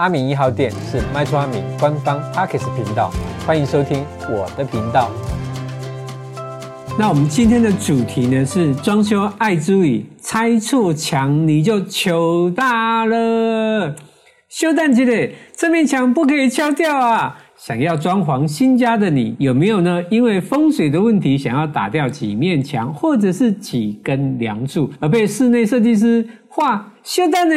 阿明一號店是買厝阿明官方 Podcast 頻道，歡迎收聽我的頻道。那我們今天的主題呢，是裝修愛注意，拆錯牆你就糗大了。修但幾勒，這面牆不可以敲掉啊！想要裝潢新家的你，有沒有呢？因為風水的問題，想要打掉幾面牆或者是幾根梁柱，而被室內設計師罵修但呢？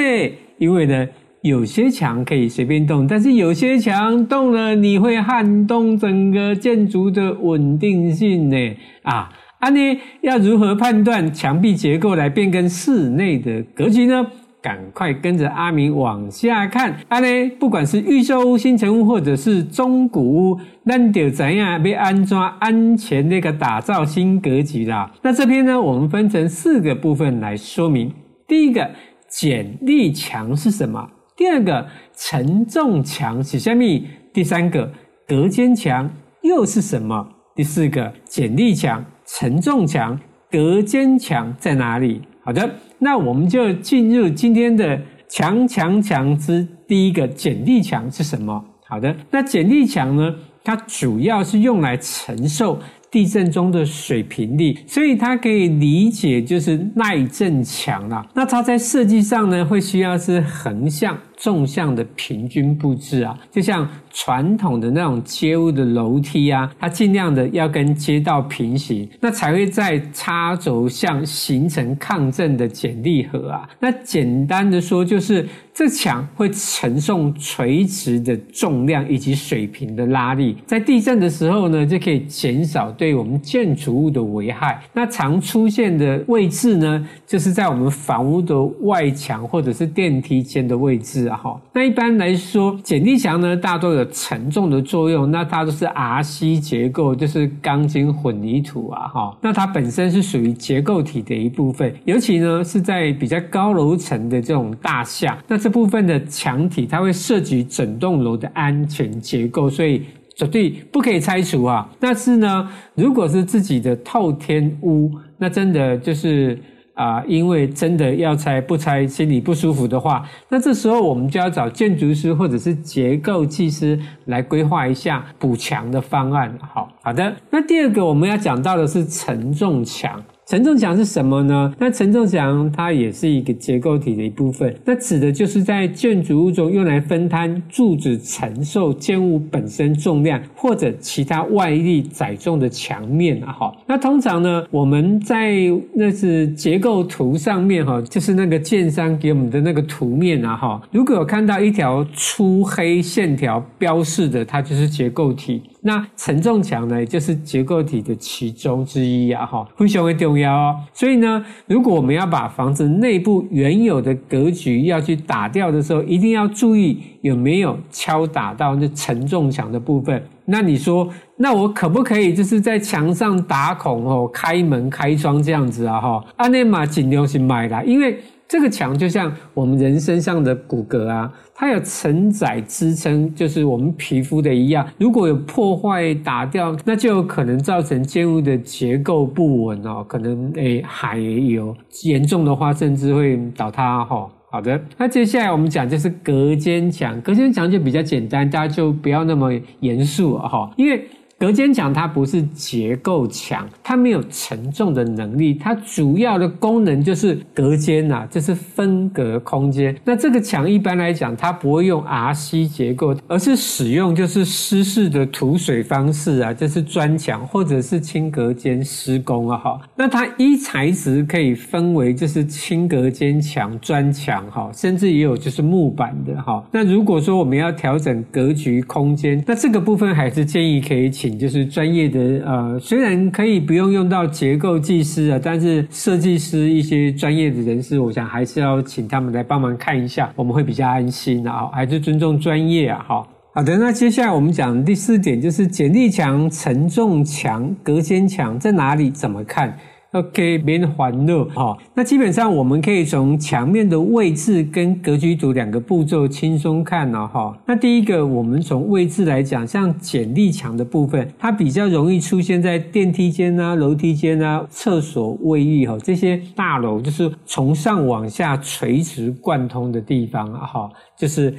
因為呢？有些牆可以隨便動，但是有些牆動了你會撼動整個建築的穩定性呢。啊，阿捏要如何判斷牆壁結構來變更室內的格局呢？趕快跟着阿明往下看。阿、啊、捏不管是預售屋、新成屋或者是中古屋，那就怎樣被安裝安全那個打造新格局啦。那這邊呢，我們分成四個部分來說明。第一個，剪力牆是什麼？第二個，承重牆是什麼？第三個，隔間牆又是什麼？第四個，剪力牆、承重牆、隔間牆在哪裡？好的，那我們就進入今天的“牆牆牆”之第一個剪力牆是什麼？好的，那剪力牆呢？它主要是用來承受。地震中的水平力，所以它可以理解就是耐震強了啊。那它在設計上呢，會需要是橫向。縱向的平均布置啊，就像傳統的那種街屋的樓梯啊，它儘量的要跟街道平行，那才會在插軸向形成抗震的剪力盒啊。那簡單的說，就是這牆會承受垂直的重量以及水平的拉力，在地震的時候呢，就可以減少對我們建築物的危害。那常出現的位置呢，就是在我們房屋的外牆或者是電梯間的位置啊。好，那一般來說，剪力牆呢，大多有承重的作用。那它都是 RC 結構，就是鋼筋混凝土啊，哈。那它本身是屬於結構體的一部分，尤其呢是在比較高樓層的這種大廈，那這部分的牆體，它會涉及整棟樓的安全結構，所以絕對不可以拆除啊。但是呢，如果是自己的透天屋，那真的就是。啊，因為真的要拆不拆，心裡不舒服的話，那這時候我們就要找建築師或者是結構技師來規劃一下補強的方案。好，好的。那第二個我們要講到的是承重牆。承重牆是什麼呢？那承重牆它也是一個結構體的一部分，那指的就是在建築物中用來分攤柱子承受建物本身重量或者其他外力載重的牆面啊。哈，那通常呢，我們在那是結構圖上面哈，就是那個建商給我們的那個圖面啊。哈，如果有看到一條粗黑線條標示的，它就是結構體。那承重牆呢，就是結構體的其中之一啊，哈，非常的重要哦。所以呢，如果我們要把房子內部原有的格局要去打掉的時候，一定要注意有沒有敲打到那承重牆的部分。那你說，那我可不可以就是在牆上打孔哦，開門開窗這樣子啊，哈？阿捏嘛，盡量去買的啦，因為。這個牆就像我們人身上的骨骼啊，它有承載支撐，就是我們皮膚的一樣。如果有破壞打掉，那就可能造成建物的結構不穩哦，可能誒還、欸、有嚴重的話，甚至會倒塌哦。好的，那接下來我們講就是隔間牆，隔間牆就比較簡單，大家就不要那麼嚴肅哈、哦，因為。隔間牆它不是結構牆，它沒有承重的能力，它主要的功能就是隔間啊，就是分隔空間。那這個牆一般來講，它不會用 RC 結構，而是使用就是濕式的土水方式啊，就是磚牆或者是輕隔間施工啊哈。那它依材質可以分為就是輕隔間牆、磚牆哈，甚至也有就是木板的哈。那如果說我們要調整格局空間，那這個部分還是建議可以。請就是專業的呃，雖然可以不用用到結構技師啊，但是設計師一些專業的人士，我想還是要請他們來幫忙看一下，我們會比較安心啊。啊還是尊重專業啊，哈。好的，那接下來我們講第四點，就是剪力牆、承重牆、隔間牆在哪裡怎麼看？OK，免煩惱哈。那基本上我們可以從牆面的位置跟格局圖兩個步驟輕鬆看了、哦、哈、哦。那第一個，我們從位置來講，像剪力牆的部分，它比較容易出現在電梯間啊、樓梯間啊、廁所、衛浴哈、哦、這些大樓，就是從上往下垂直貫通的地方哈、哦，就是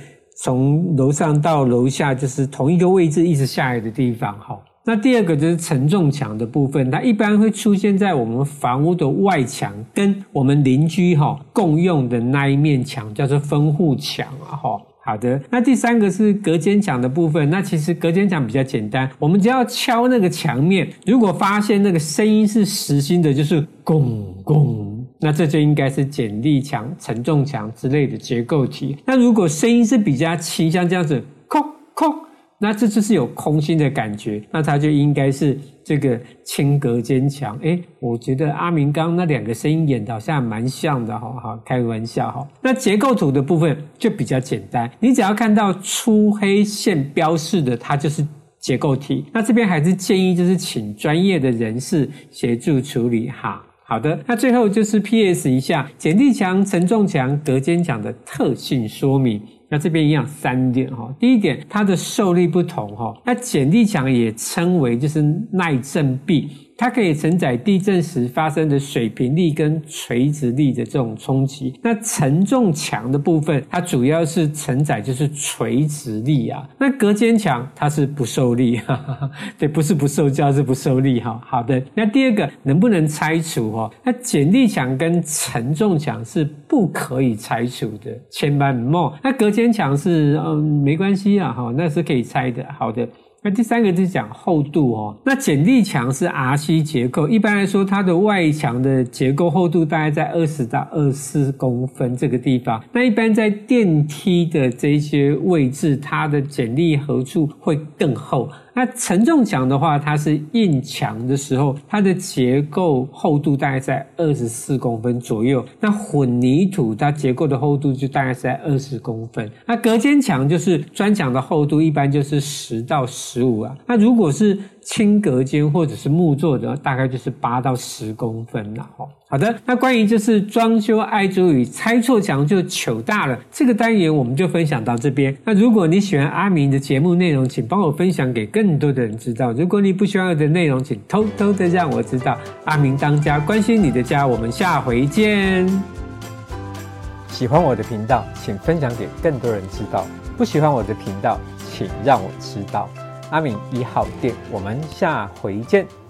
從樓上到樓下就是同一個位置一直下來的地方哈。哦那第二個就是承重牆的部分，它一般會出現在我們房屋的外牆跟我們鄰居哈、哦、共用的那一面牆，叫做分戶牆啊、哦、哈。好的，那第三個是隔間牆的部分，那其實隔間牆比較簡單，我們只要敲那個牆面，如果發現那個聲音是實心的，就是咣咣，那這就應該是剪力牆、承重牆之類的結構體。那如果聲音是比較輕，像這樣子。那這就是有空心的感覺，那它就應該是這個輕隔間牆。誒、欸，我覺得阿明剛那兩個聲音演的好像蠻像的，哈哈，開個玩笑哈。那結構圖的部分就比較簡單，你只要看到粗黑線標示的，它就是結構體。那這邊還是建議就是請專業的人士協助處理哈。好的，那最後就是 P.S. 一下剪力牆、承重牆、隔間牆的特性說明。那這邊一樣三點哈，第一點，它的受力不同哈，那剪力牆也稱為就是耐震壁。它可以承載地震時發生的水平力跟垂直力的這種衝擊。那承重牆的部分，它主要是承載就是垂直力啊。那隔間牆它是不受力，哈哈哈，對，不是不受壓是不受力哈。好的，那第二個能不能拆除哦？那剪力牆跟承重牆是不可以拆除的，千萬莫。那隔間牆是嗯沒關係啊哈，那是可以拆的。好的。那第三個就是講厚度哦。那剪力牆是 RC 結構，一般來說它的外牆的結構厚度大概在二十到二十四公分這個地方。那一般在電梯的這些位置，它的剪力何處會更厚？那承重牆的話，它是硬牆的時候，它的結構厚度大概在二十四公分左右。那混凝土它結構的厚度就大概是在二十公分。那隔間牆就是磚牆的厚度，一般就是十到十五啊。那如果是輕隔間或者是木作的，大概就是八到十公分了。吼，好的，那關於就是裝修愛注意，拆錯牆就糗大了。這個單元我們就分享到這邊。那如果你喜歡阿明的節目內容，請幫我分享給更多的人知道。如果你不喜歡我的內容，請偷偷的讓我知道。阿明當家，關心你的家，我們下回見。喜歡我的頻道，請分享給更多人知道；不喜歡我的頻道，請讓我知道。阿明一號店，我們下回見。